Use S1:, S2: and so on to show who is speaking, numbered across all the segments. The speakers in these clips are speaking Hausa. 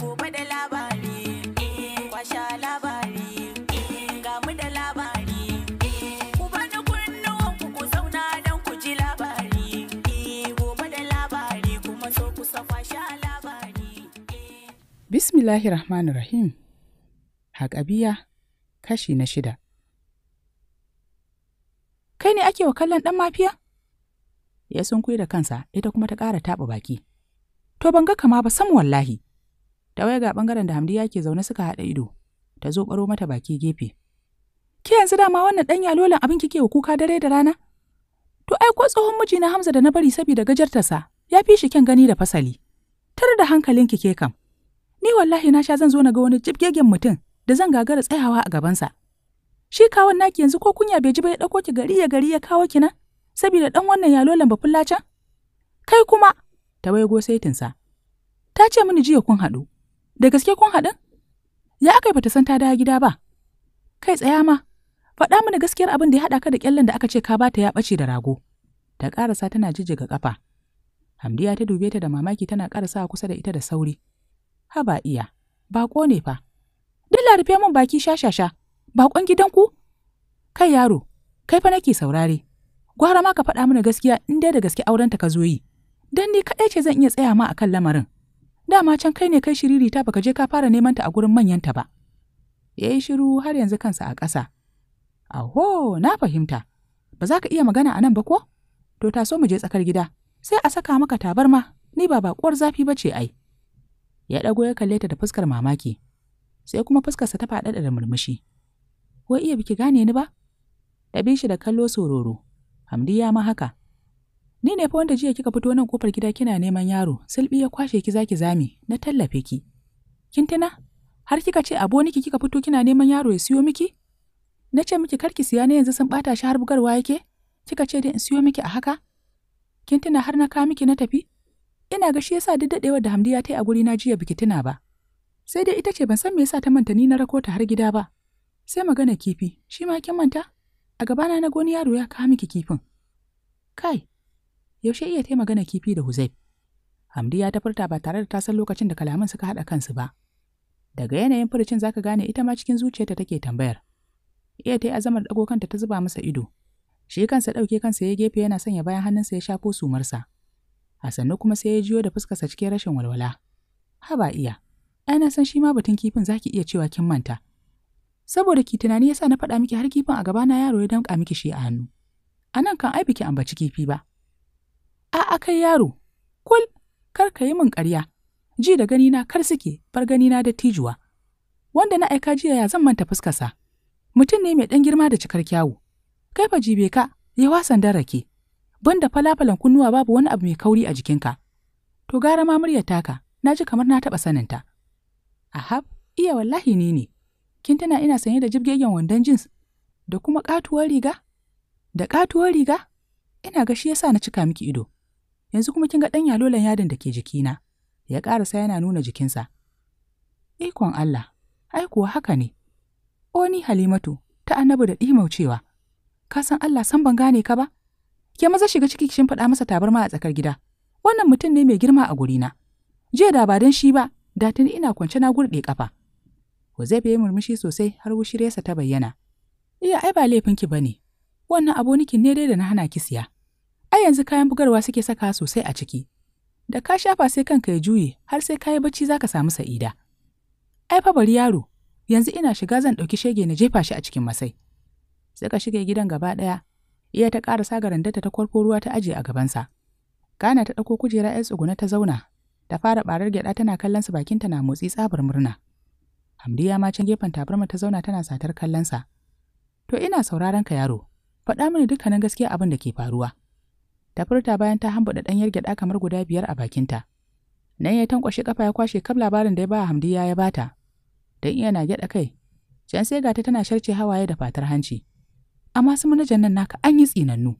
S1: gobe da labari eh, kwasha labari eh, ga mu da labari eh, ku bani kunnuwan ku ku zauna don ku ji labari gobe da labari kuma so ku kwasha labari
S2: rahim haƙabiya kashi na shida kai ne ake wa kallon ɗan mafiya ya sunkuyi da kansa ita kuma ta ƙara taɓa baki to ban ga kama ba samu wallahi ta waya ga bangaren da hamdi ke zaune suka haɗa ido ta zo ɓaro mata baki gefe ke yanzu dama wannan ɗan yalolin abin kike wa kuka dare da rana to ai ko tsohon mijina hamza da na bari saboda gajartarsa ya fi shi kyan gani da fasali tare da hankalin ki ke kam ni wallahi na sha zan zo na ga wani jibgegen mutum da zan gagara tsayawa a gabansa shi kawon naki yanzu ko kunya bai ji ba ya ɗauko ki gari ya gari ya kawo ki nan saboda ɗan wannan yalolan fulla can kai kuma ta go saitinsa ta ce mini jiya kun haɗu Da gaske kun haɗin? Ya aka yi bata san ta dawo gida ba. Kai tsaya ma, faɗa mana gaskiyar abin da ya haɗa ka da ƙyallen da aka ce ka bata ya ɓace da rago. Ta ƙarasa tana jijjiga ƙafa. Hamdiya ta dube ta da mamaki tana ƙarasa kusa da ita da sauri. Haba iya, baƙo ne fa. Duk rufe min baki shashasha, baƙon gidanku? Kai yaro, kai fa nake saurare. Gwara ma ka faɗa mana gaskiya in dai da gaske aurenta ka zo yi. Dan ni kaɗai ce zan iya tsaya ma a kan lamarin. dama can kai ne kai shiriri ta baka je ka fara neman ta a gurin manyanta ba ya yi shiru har yanzu kansa a ƙasa aho na fahimta ba za ka iya magana a nan ba ko to ta so mu je tsakar gida sai a saka maka tabarma ni ba baƙuwar zafi ba ce ai ya ɗago ya kalle ta da fuskar mamaki sai kuma fuskarsa ta faɗaɗa da murmushi ko iya biki gane ni ba ɗabi shi da kallo sororo hamdi ya ma haka Ni ne fa wanda jiya kika fito nan kofar gida kina neman yaro, Silbi ya kwashe ki zaki zame, na tallafe ki. Kin tuna? Har kika ce aboniki kika fito kina neman yaro ya siyo miki? Na ce miki ki siya ne yanzu sun bata shi har bugarwa yake? Kika ce dai in siyo miki a haka? Kin tuna har na ka miki na tafi? Ina ga shi yasa duk dadewar da Hamdiya ta yi a guri na jiya biki tuna ba. Sai dai ita ce ban san me yasa ta manta ni na rako ta har gida ba. Sai magana kifi, shi ma kin manta? A gabana na goni yaro ya kawo miki kifin. Kai, yaushe iya ta magana kifi da Huzaif. Hamdi ya ta ba tare da ta san lokacin da kalaman suka haɗa kansu ba. Daga yanayin furucin zaka gane ita ma cikin zuciyarta take tambayar. Iya ta azamar dago kanta ta zuba masa ido. Shi kansa ɗauke kansa ya gefe yana sanya bayan hannunsa ya shafo sumarsa. A sannu kuma sai ya jiyo da fuskarsa cikin rashin walwala. Haba iya, ai na san shi ma batun kifin zaki iya cewa kin manta. Saboda ki tunani yasa na faɗa miki har kifin a gabana yaro ya danƙa miki shi a hannu. A nan kan ai biki ambaci kifi ba. A'a kai yaro, kul, kar ka yi min ƙarya, ji da gani na, kar suke bar ganina da tijuwa. Wanda na aika jiya ya zan manta fuskarsa, mutum ne mai ɗan girma da cikar kyawu. Kai fa jibe ka, ya wasan da rake, banda falafalan kunnuwa babu wani abu mai kauri a jikinka. To gara ma muryar taka, na ji kamar na taɓa saninta. Ahab, iya wallahi ni ne, kin tana ina sanye da jibgegen wandon jeans da kuma ƙatuwar riga? Da ƙatuwar riga? Ina ga shi yasa na cika miki ido. yanzu kuma kin ga ɗan yalolan yadin da ke jikina ya ƙarasa yana nuna jikinsa ikon Allah ai kuwa haka ne o ni halimatu ta annabi da ɗimaucewa ka san Allah san ban gane ka ba ke maza shiga ciki kishin faɗa masa tabarma a tsakar gida wannan mutum ne mai girma a gurina jiya da ba don shi ba da tuni ina kwance na gurɗe kafa Huzaifa ya murmushi sosai har wushiresa ta bayyana. Iya ai ba laifinki ba ne, wannan abonikin ne dai da na hana ki siya. ai yanzu kayan bugarwa suke saka sosai a ciki. Da ka shafa sai kanka ya juye har sai kayi bacci za samu sa'ida. Ai fa bari yaro, yanzu ina shiga zan ɗauki shege na jefa shi a cikin masai. Suka shige gidan gaba ɗaya, iya ta ƙara sagaran datta ta kwarko ruwa ta aje a gabansa. Kana ta ɗauko kujera 'yar tsuguna ta zauna, ta fara ɓarar gyaɗa tana kallon su bakinta na motsi tsabar murna. Hamdiya ma can gefen tabarma ta zauna tana satar kallon sa. To ina sauraron ka yaro, faɗa mini dukkanin gaskiya abin da ke faruwa. ta furta bayan ta hambuɗa ɗanyar gyaɗa kamar guda biyar a bakinta. Nan ya tankwashe kafa ya kwashe kaf labarin da ya ba Hamdiya ya bata. Dan iya na gyaɗa kai. Can sai gata tana sharce hawaye da fatar hanci. Amma su manajan nan naka an yi tsinannu.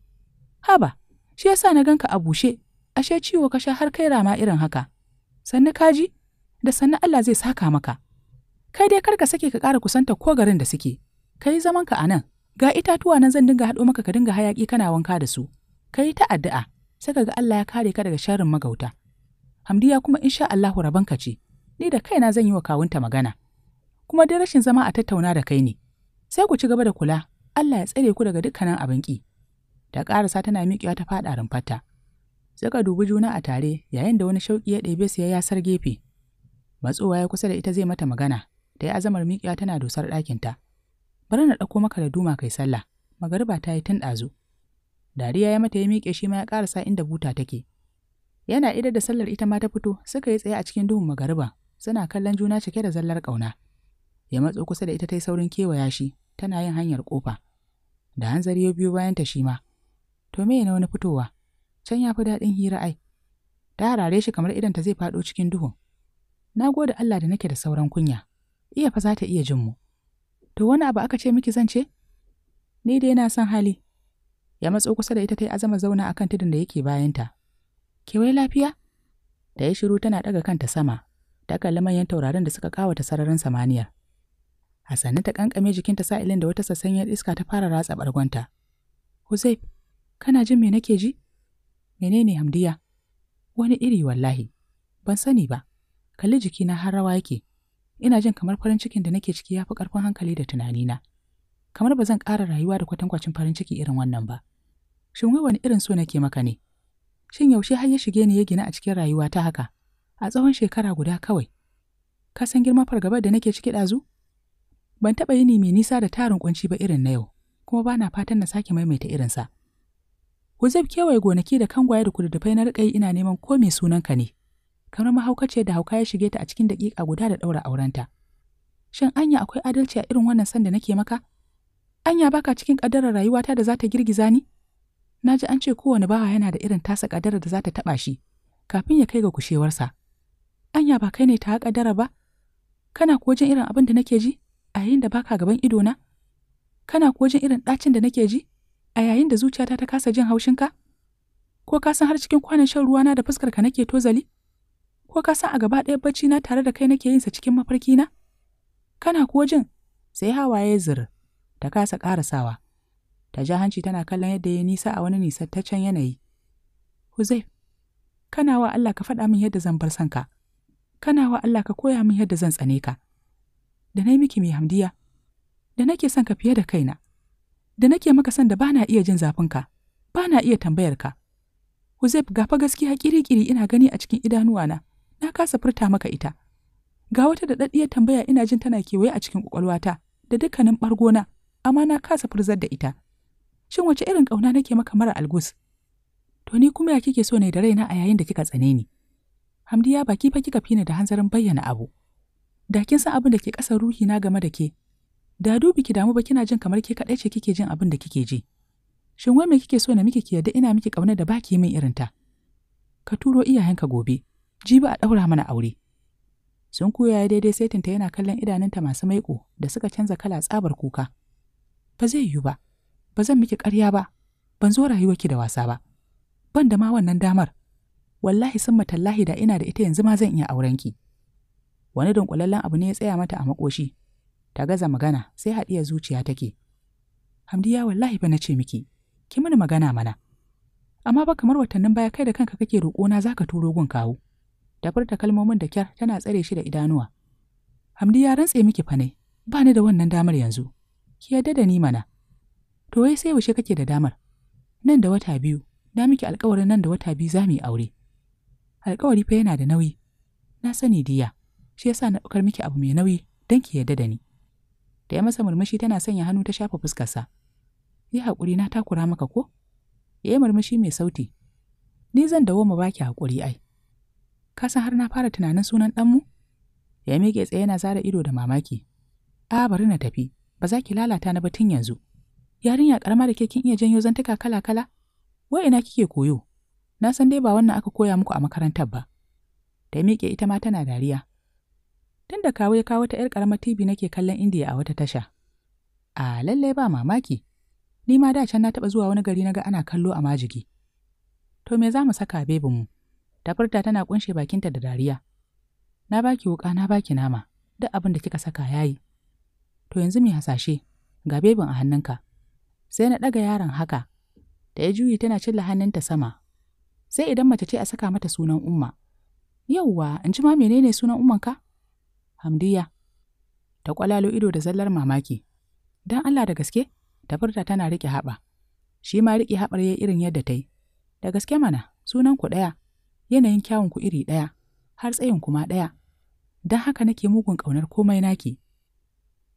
S2: Haba, shi yasa na ganka a bushe, ashe ciwo ka sha har kai rama irin haka. Sannu kaji, da sannu Allah zai saka maka. Kai dai karka sake ka ƙara kusanta ko garin da suke. Kai zamanka a nan, ga itatuwa nan zan dinga haɗo maka ka dinga hayaƙi kana wanka da su. ka yi ta addu'a sai ka ga Allah ya kare ka daga sharrin magauta hamdiya kuma in sha Allah ka ce ni da kaina zan yi wa kawunta magana kuma dai rashin zama a tattauna da kai ne sai ku ci gaba da kula Allah ya tsare ku daga dukkanin abin ki da ƙarasa tana miƙewa ta faɗa rumfarta suka dubi juna a tare yayin da wani shauƙi ya ɗebe su ya yasar gefe matsowa ya kusa da ita zai mata magana da ya azamar miƙewa tana dosar ɗakinta. Bari na ɗauko maka da duma kai sallah, magariba ta yi tun ɗazu. Dariya ya mata ya miƙe shi ma ya ƙarasa inda buta take. Yana idar da sallar ita ma ta fito suka yi tsaye a cikin duhun magariba suna kallon juna cike da zallar ƙauna. Ya matso kusa da ita ta yi saurin kewaya shi tana yin hanyar ƙofa. Da hanzari ya biyo bayanta shi ma. To me na wani fitowa? Can ya fi daɗin hira ai. Ta harare shi kamar idan ta zai faɗo cikin duhun. Na gode Allah da nake da sauran kunya. Iya fa za ta iya jin mu. To wani abu aka ce miki zan ce? Ni dai na san hali, Ya matso kusa da ita ta yi azama zauna kan tudun da yake bayanta. Ke wai lafiya? Da ya shiru tana daga kanta sama, ta kalli manyan taurarin da suka kawata sararin samaniyar. Hassanin ta kankame jikinta sa'ilin da wata sassanyar iska ta fara ratsa bargonta. Huzaif, kana jin me nake ji? Menene Hamdiya? Wani iri wallahi. Ban sani ba. Kalli jikina har rawa yake. Ina jin kamar farin cikin da nake ciki ya fi ƙarfin hankali da na. Kamar ba zan ƙara rayuwa da kwatankwacin farin ciki irin wannan ba. Shin wai wani irin so nake maka ne? Shin yaushe har ya shige ni ya gina a cikin rayuwa ta haka? A tsawon shekara guda kawai. Ka san girman fargabar da nake ciki ɗazu? Ban taɓa yini mai nisa da tarin kunci ba irin na yau, kuma ba na fatan na sake maimaita irinsa. ke kewaye gonaki da kangwaye da kududdufai na riƙa ina neman ko mai ka ne, kamar mahaukaciyar da hauka ya shige ta a cikin daƙiƙa guda da ɗaura aurenta. Shin anya akwai adalci a irin wannan san da nake maka? Anya baka cikin ƙaddarar rayuwata da za ta girgiza ni? Na ji an ce kowane bawa yana da irin tasa kadara da za ta taɓa shi, kafin ya kai ga kushewarsa. Anya ba kai ne ta kadara ba? Kana kuwa jin irin abin da nake ji a yayin da baka gaban idona? Kana kuwa jin irin ɗacin da nake ji a yayin da zuciyata ta kasa jin haushin ka. Ko ka san har cikin kwanan shan ruwana da fuskar ka nake tozali? Ko ka san a gaba ɗaya bacci na tare da kai nake yin sa cikin mafarki na. Kana kuwa jin sai hawaye zir ta kasa ƙarasawa. ta ja hanci tana kallon yadda ya nisa a wani nisattaccen yanayi. Huzaif, kana wa Allah ka faɗa min yadda zan bar sanka, kana wa Allah ka koya min yadda zan tsane ka. Da na yi miki mai hamdiya, da nake son ka fiye da kaina, da nake maka son da ba na iya jin zafinka, ba na iya tambayar ka. Huzaif, fa gaskiya kiri-kiri ina gani a cikin idanuwana, na kasa furta maka ita. Ga wata da ɗaɗɗiyar tambaya ina jin tana kewaye a cikin ƙwaƙwalwata da dukkanin ɓargona, amma na kasa furzar da ita. shin wace irin ƙauna nake maka mara algus to ni kuma ya kike so ne da raina a yayin da kika tsane ni hamdiya baki fa kika fina da hanzarin bayyana abu da kin san abin da ke ƙasar ruhi na game da ke da dubi ki damu ba kina jin kamar ke kaɗai ce kike jin abin da kike ji shin wai me kike so na miki ki yarda ina miki ƙauna da baki min irin ta ka turo iyayenka gobe jibi a ɗaura mana aure sun koya daidai saitinta yana kallon idanunta masu maiƙo da suka canza kala tsabar kuka ba zai yiwu ba ba zan miki ƙarya ba ban zo rayuwarki da wasa ba ban da ma wannan damar wallahi sun matallahi da ina da ita yanzu ma zan iya aurenki wani dunkulallen abu ne ya tsaya mata a makoshi ta gaza magana sai haɗiya zuciya take hamdiya wallahi ba na ce miki ki mini magana mana amma ba kamar watannin baya kai da kanka kake roƙona za ka turo gun kawo da furta kalmomin da kyar tana tsare shi da idanuwa hamdi ya rantse miki fa ne ba ni da wannan damar yanzu ki yarda da ni mana To wai sai yaushe kake da damar? Nan da wata biyu, na miki alkawarin nan da wata biyu za mu yi aure. Alkawari fa yana da nauyi. Na sani diya, shi yasa na ɗaukar miki abu mai nauyi don ki yarda da ni. Da ya masa murmushi tana sanya hannu ta shafa fuskarsa. Yi haƙuri na takura maka ko? Ya yi murmushi mai sauti. Ni zan dawo mu baki haƙuri ai. Ka san har na fara tunanin sunan ɗanmu? Ya miƙe tsaye yana zara ido da mamaki. A bari na tafi, ba za ki lalata na ba tun yanzu. yarinya karama da ke kin iya janyo zantuka kala-kala? Wai ina kike koyo? Na san dai ba wannan aka koya muku a makarantar ba. Ta miƙe ita ma tana dariya. Tun da kawo ya kawo ta 'yar karama TV nake kallon Indiya a wata tasha. A lallai ba mamaki. Ni ma da can na taɓa zuwa wani gari na ga ana kallo a majigi. To me za mu saka bebin mu? Ta furta tana kunshe bakinta da dariya. Na baki wuƙa, na baki nama, duk abin da kika saka yayi. To yanzu mai hasashe, ga bebin a hannunka. sai na ɗaga yaron haka, da ya juyi tana cilla hannunta sama, sai idan mace ce a saka mata sunan umma. Yauwa, in ji ma menene sunan ummanka? Hamdiya. Ta kwalalo ido da zallar mamaki. Dan Allah da gaske, ta furta tana riƙe haɓa. Shi ma riƙe haɓar ya irin yadda ta yi. Da gaske mana, sunan ku ɗaya, yanayin kyawun ku iri ɗaya, har tsayin ku ma ɗaya. dan haka nake mugun ƙaunar komai naki.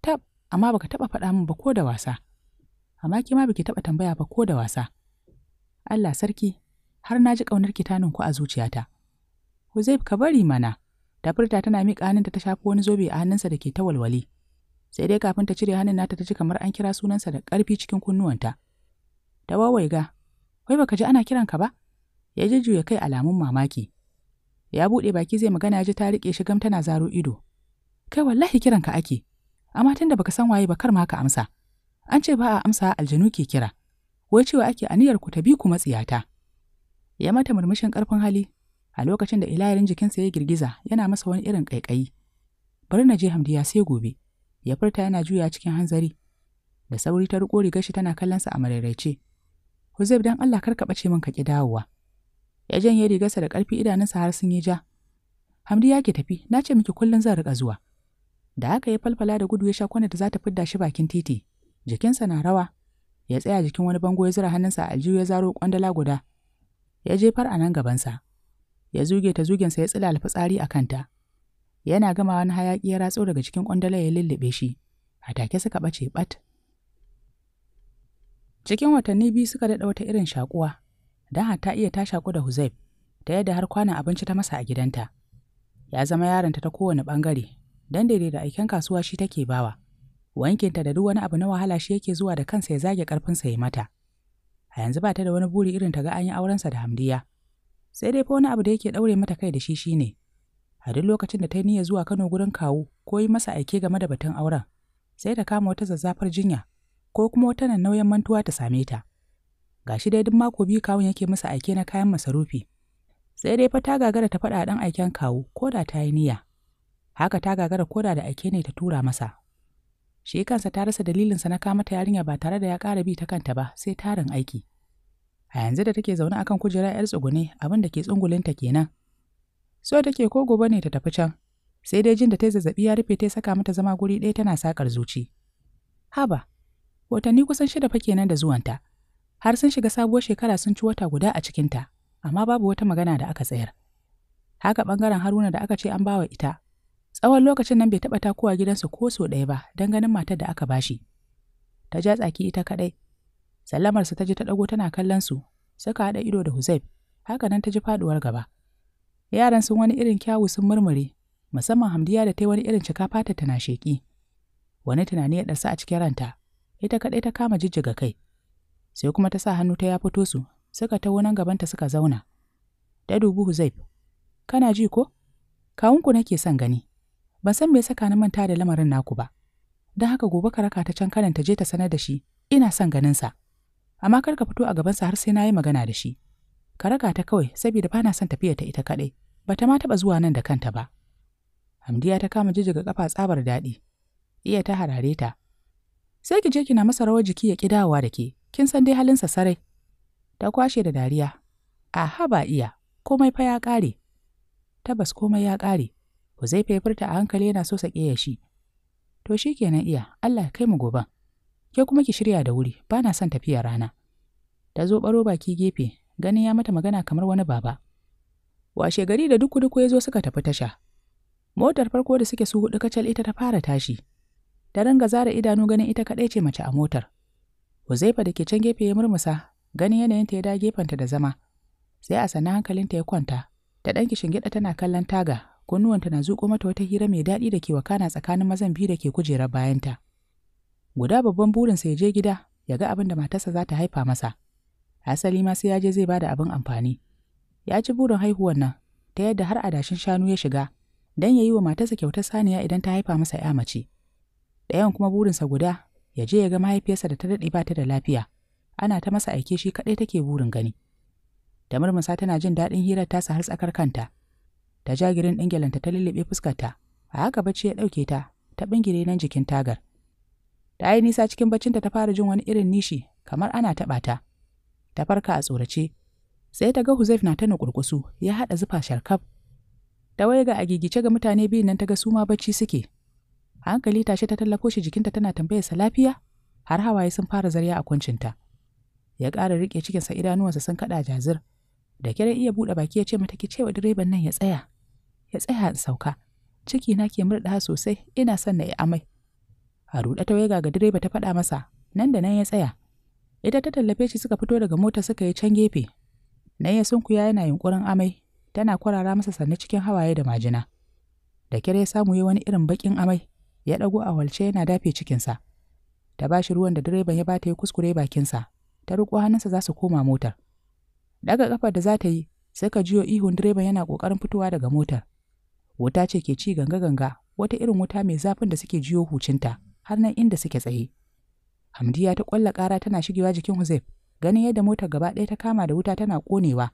S2: Tab, amma baka taɓa faɗa min ba ko da wasa. amma ke ma biki taɓa tambaya ba ko da wasa. Allah sarki, har na ji ƙaunar ki ku a zuciyata. Huzaif ka bari mana, tafirta furta tana miƙa hannunta ta shafi wani zobe a hannunsa da ke ta walwale. Sai dai kafin ta cire hannun nata ta ji kamar an kira sunansa da ƙarfi cikin kunnuwanta. Ta wawaiga, wai baka ji ana kiran ka ba? Ya jujjuya kai alamun mamaki. Ya buɗe baki zai magana ya ji ta riƙe shi gam tana zaro ido. Kai wallahi kiran ka ake, amma tun da baka san waye ba kar ma ka amsa. An ce ba a amsa aljanu ke kira, wai cewa ake aniyar ku ta bi ku matsiyata. Ya mata murmushin ƙarfin hali, a lokacin da ilayarin jikinsa ya girgiza yana masa wani irin ƙaiƙayi. Bari na je ya sai gobe, ya furta yana juya cikin hanzari. Da sauri ta riƙo rigar shi tana kallonsa a marairaice. Huzaib dan Allah kar ka ɓace min ka ƙi dawowa. Ya janye rigarsa da ƙarfi idanunsa har sun yi ja. Hamdiya ke tafi, na ce miki kullum zan rika zuwa. da haka ya falfala da gudu ya sha kwana da za ta fidda shi bakin titi jikinsa na rawa ya tsaya jikin wani bango ya zura hannunsa a aljihu ya zaro kwandala guda ya jefar a nan gabansa ya zuge ta zugensa ya tsila alfitsari a kanta yana gama wani hayaƙi ya ratso daga cikin kwandala ya lullube shi a take suka ɓace ɓat cikin watanni biyu suka daɗa wata irin shaƙuwa. don hata iya ta shaku da huzaib ta yadda har kwanan abinci ta masa a gidanta ya zama yaronta ta kowane ɓangare don daidai da aiken kasuwa shi take bawa wankinta da duk wani abu na wahala shi yake zuwa da kansa ya zage ƙarfinsa ya mata a yanzu ba ta da wani buri irin ta ga an yi aurensa da hamdiya sai dai fa wani abu da yake daure mata kai da shi shine a duk lokacin da ta yi niyya zuwa kano gurin kawu ko yi masa aike game da batun auren sai ta kama wata zazzafar jinya ko kuma wata nan nauyin mantuwa ta same ta Ga shi dai duk mako biyu kawun yake masa aike na kayan masarufi sai dai fa ta gagara ta faɗa ɗan aiken kawu ko da ta yi niyya haka ta gagara koda da aike ne ta tura masa shi kansa ta rasa dalilinsa na kama ta yarinya ba tare da ya ƙara bi ta kanta ba sai tarin aiki a yanzu da take zaune akan kujera 'yar tsugune abin da ke tsungulinta kenan so take ko gobe ne ta tafi can sai dai jin da ta zazzabi ya rufe ta saka mata zama guri ɗaya tana sakar zuci haba watanni kusan shida fa kenan da zuwanta har sun shiga sabuwar shekara sun ci wata guda a cikinta amma babu wata magana da aka tsayar haka ɓangaren haruna da aka ce an bawa ita Tsawon lokacin nan bai taɓa takowa gidansu ko sau ɗaya ba don ganin matar da aka bashi. Ta ja tsaki ita kaɗai. Sallamarsa ta ji ta ɗago tana kallon su, suka haɗa ido da Huzaib, haka nan ta ji faɗuwar gaba. Yaran sun wani irin kyawu sun murmure, musamman Hamdiya da ta wani irin cika fata tana sheƙi. Wani tunani ya ɗarsa a cikin ranta, ita kaɗai ta kama jijjiga kai. Sai kuma ta sa hannu ta ya fito su, suka taho nan gabanta suka zauna. Ta dubi Huzaib, kana ji ko? Kawunku nake son gani. Ban san me ya saka ni manta da lamarin naku ba. Don haka gobe ka raka ta can kanan ta je ta sanar da shi, ina son ganin sa. Amma kar ka fito a gaban sa har sai na yi magana da shi. Ka raka ta kawai saboda ba na son tafiya ta ita kadai. Ba ta ma taɓa zuwa nan da kanta ba. Hamdiya ta kama jijjiga kafa tsabar daɗi. Iya ta harare ta. Sai ki je kina masa rawar jiki ya kidawa dawowa da ke. Kin san dai halin sa sarai. Ta kwashe da dariya. Aha ba iya, komai fa ya kare. Tabbas komai ya ƙare. Huzaifa ya furta a hankali yana so sake ya shi. To shi kenan iya, Allah kai mu goban. Ke kuma ki shirya da wuri, ba na son tafiya rana. Ta zo baro baki gefe, ganin ya mata magana kamar wani baba. Washe gari da duku duku ya zo suka tafi tasha. Motar farko da suke su hudu kacal ita ta fara tashi. Ta ringa zara idanu ganin ita kaɗai ce mace a motar. Huzaifa da ke can gefe ya murmusa, ganin yanayinta ya da gefenta da zama. Sai a sana hankalinta ya kwanta, ta ɗan kishin gida tana kallon taga kunnuwanta na zuƙo mata wata hira mai daɗi da ke wakana tsakanin mazan biyu da ke kujerar bayanta. Guda babban burinsa ya je gida ya ga abin da matarsa za ta haifa masa. Asali ma sai ya je zai bada abin amfani. Ya ci burin haihuwan nan ta yadda har adashin shanu ya shiga don ya yi wa matarsa kyautar saniya idan ta haifa masa ya mace. Ɗayan kuma burinsa guda ya je ya ga mahaifiyarsa da ta daɗe ba ta da lafiya. Ana ta masa aike shi kaɗai take burin gani. Da murmusa tana jin daɗin hirar tasa har tsakar kanta. ta jagirin girin ɗin ta lullube fuskarta a haka bacci ya ɗauke ta ta bingire nan jikin tagar ta yi nisa cikin baccinta ta fara jin wani irin nishi kamar ana taɓa ta ta farka a tsorace sai ta ga huzaif na ta nukurkusu ya haɗa zufa sharkaf ta waye ga agigice ga mutane biyun nan ta ga suma bacci suke a hankali tashe ta tallafo shi jikinta tana tambayarsa lafiya har hawaye sun fara zarya a ta. ya ƙara riƙe cikinsa idanuwansa sun kaɗa jazir da kiran iya buɗe baki ya ce mata ki cewa direban nan ya tsaya ya tsaya in sauka ciki na ke murɗa sosai ina son na yi amai a ruɗe ta waiga ga direba ta faɗa masa nan da nan ya tsaya ita ta tallafe shi suka fito daga mota suka yi can gefe nan ya sunkuya yana yunkurin amai tana kwarara masa sannu cikin hawaye da majina da kira ya samu yi wani irin baƙin amai ya ɗago a walce yana dafe cikinsa ta ba shi ruwan da direban ya bata ya kuskure bakinsa ta riƙo hannunsa za su koma motar daga ƙafar da za ta yi sai ka jiyo ihun direban yana ƙoƙarin fitowa daga motar wuta ce ke ci ganga-ganga wata irin wuta mai zafin da suke jiyo hucinta har nan inda suke tsaye. Hamdiya ta ƙwalla ƙara tana shigewa jikin Huzaif, ganin yadda motar gaba ɗaya ta kama da wuta tana konewa,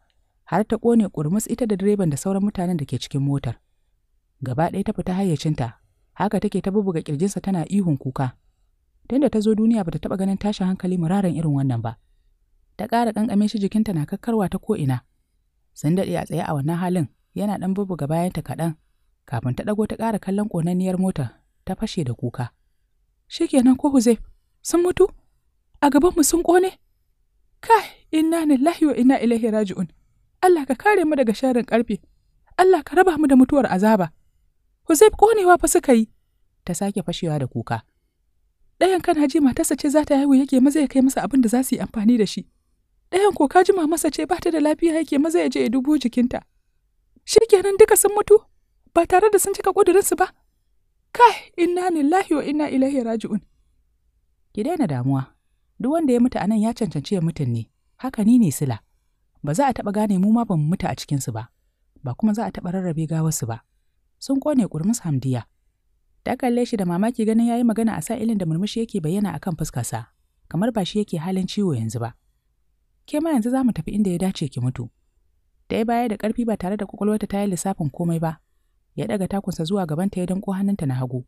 S2: har ta kone ƙurmus ita da direban da sauran mutanen da ke cikin motar. Gaba ɗaya ta fita hayyacinta, haka take ta bubuga ƙirjinsa tana ihun kuka. Tunda ta zo duniya bata taɓa ganin tashin hankali muraren irin wannan ba. Ta ƙara ƙanƙame shi jikinta na kakkarwa ta ko'ina. Sun daɗe a tsaye a wannan halin, yana ɗan bubuga bayanta kaɗan, kafin ta ɗago ta ƙara kallon ƙonanniyar mota ta fashe da kuka. Shikenan ko Huzaif, sun mutu? A gabanmu sun ƙone? Kai, inna ni, lahiyo Ina ilahi raji'un. Allah ka kare mu daga sharin ƙarfe. Allah ka raba mu da mutuwar azaba. Huzaif ƙonewa fa suka yi. Ta sake fashewa da kuka. Ɗayan kan haji matarsa ce za ta haihu yake maza ya kai masa abin da za su yi amfani da shi. Ɗayan ko kaji masa ce ba ta da lafiya yake maza ya je ya dubo jikinta. Shi Shikenan duka sun mutu? ba tare da sun cika ƙudurinsu ba. Kai, inna lillahi wa inna ilaihi raji'un. Ki daina damuwa, duk wanda ya mutu anan ya cancanci ya mutun ne, haka ni ne sila. Ba za a taɓa gane mu ma ban mutu a cikinsu ba, ba kuma za a taɓa rarrabe gawarsu ba. Sun ƙone ƙurmus hamdiya. Ta kalle shi da mamaki ganin ya yi magana a sa ilin da murmushi yake bayyana akan fuskarsa, kamar ba shi yake halin ciwo yanzu ba. Ke ma yanzu za mu tafi inda ya dace ki mutu. Da ya baya da ƙarfi ba tare da ƙwaƙwalwarta ta yi lissafin komai ba, ya ɗaga takunsa zuwa gabanta ya danko hannunta na hagu.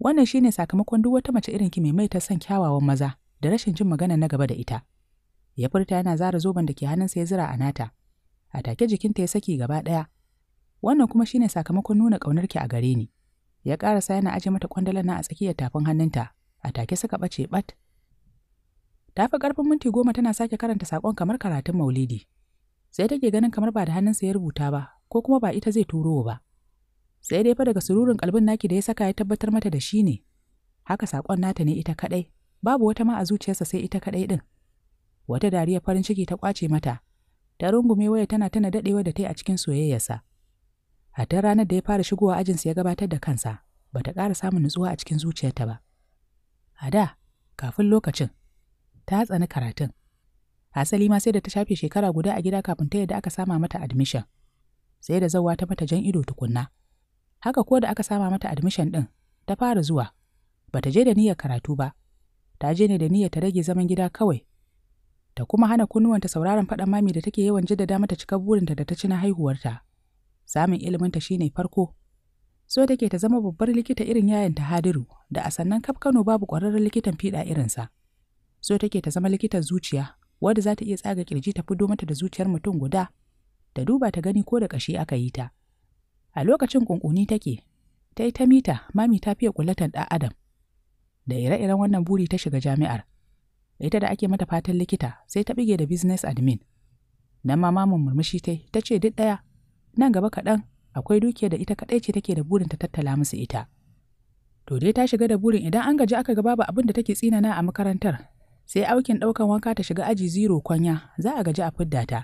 S2: Wannan shine sakamakon duk wata mace irin ki mai ta son kyawawan maza da rashin jin magana na gaba da ita. Ya furta yana zara zoben da ke hannunsa ya zira a nata. A take jikinta ya saki gaba ɗaya. Wannan kuma shine sakamakon nuna ƙaunarki a gare ni. Ya ƙarasa yana aje mata kwandalan nan a tsakiyar tafin hannunta. A take suka ɓace ɓat. Ta fi ƙarfin minti goma tana sake karanta saƙon kamar karatun maulidi. Sai take ganin kamar ba da hannunsa ya rubuta ba, ko kuma ba ita zai turo ba. sai dai fa daga sururin kalbin naki da ya saka ya tabbatar mata da shi ne haka sakon nata ne ita kaɗai babu wata ma a zuciyarsa sai ita kaɗai ɗin wata dariya farin ciki ta kwace mata ta rungume waya tana tana daɗewa da ta a cikin soyayyarsa a ta ranar da ya fara shigowa ajinsa ya gabatar da kansa ba ta ƙara samun nutsuwa a cikin zuciyarta ba a da kafin lokacin ta tsani karatun asali ma sai da ta shafe shekara guda a gida kafin ta yadda aka sama mata admission sai da zawa ta mata jan ido tukunna Haka ko da aka sama mata admission ɗin, ta fara zuwa. Ba ta je da niyyar karatu ba, ta je ne da niyyar ta rage zaman gida kawai. Ta kuma hana kunnuwanta sauraron faɗan mami da take yawan jaddada mata cikar burinta da ta ci na haihuwarta. Samun iliminta shine farko. So take ta zama babbar likita irin yayin ta Hadiru, da a sannan kaf Kano babu ƙwararren likitan fiɗa irinsa. So take ta zama likitan zuciya, wadda za ta iya tsaga kirji ta fido mata da zuciyar mutum guda, da duba ta gani ko da ƙashi aka yi ta. a lokacin ƙunƙuni take ta yi ta mita mami ta fiye kullatan ɗan adam da ire-iren wannan buri ta shiga jami'ar ita da ake mata fatan likita sai ta bige da business admin nan ma mamun murmushi ta ta ce duk ɗaya nan gaba kaɗan akwai dukiya da ita kaɗai ce take da burin ta tattala musu ita to dai ta shiga da burin idan an gaji aka ga babu abin da take tsinana a makarantar sai aukin ɗaukan wanka ta shiga aji zero kwanya za a gaji a fidda ta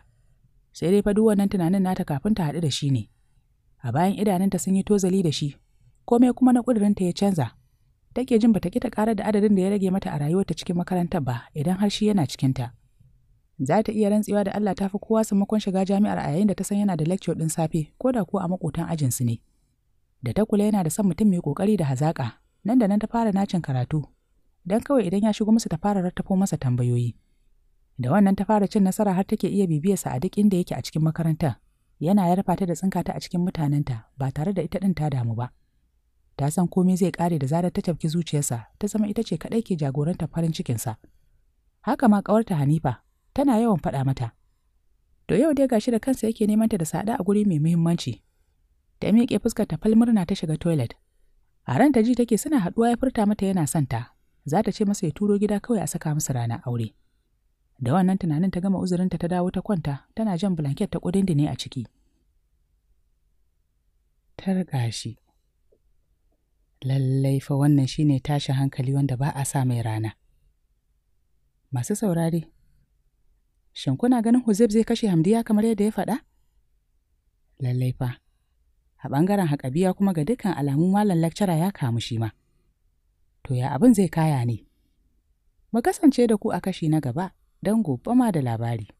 S2: sai dai fa duk wannan tunanin nata kafin ta haɗu da shi ne a bayan idanunta sun yi tozali da shi komai kuma na ƙudurinta ya canza take jin bata kita ƙarar da adadin da ya rage mata a rayuwarta cikin makarantar ba idan har shi yana cikinta za ta iya rantsewa da Allah ta fi kowa sammakon shiga jami'ar a yayin da ta san yana da lecture ɗin safe ko da ko a makotan su ne da ta kula yana da son mutum mai ƙoƙari da hazaƙa nan da nan ta fara nacin karatu don kawai idan ya shigo musu ta fara rattafo masa tambayoyi da wannan ta fara cin nasara har take iya bibiyarsa a duk inda yake a cikin makarantar yana yarfa ta da tsinka ta a cikin mutanenta ba tare da ita ɗin ta damu ba. Ta san komai zai ƙare da zarar ta tafki zuciyarsa ta zama ita ce kaɗai ke jagoranta farin cikinsa. Haka ma ƙawarta Hanifa tana yawan faɗa mata. To yau dai gashi da kansa yake neman ta da sada a guri mai muhimmanci. Ta miƙe fuskar ta falmurna ta shiga toilet. A ran ta ji take suna haɗuwa ya furta mata yana son ta. Za ta ce masa ya turo gida kawai a saka musu rana aure. Da wannan tunanin ta gama uzurinta ta dawo ta kwanta, tana jan blanket ta kudin ne a ciki. targashi shi. Lallai fa wannan shine tashin hankali wanda ba a sa mai rana. Masu saurari. shin kuna ganin Huzeb zai kashe Hamdiya kamar yadda ya faɗa? Lallai fa, a ɓangaren haƙabiya kuma ga dukkan alamu malam lakcara ya kamu shi ma. To ya abin zai kaya ne? Mu kasance da ku a kashi na gaba. don fama da labari.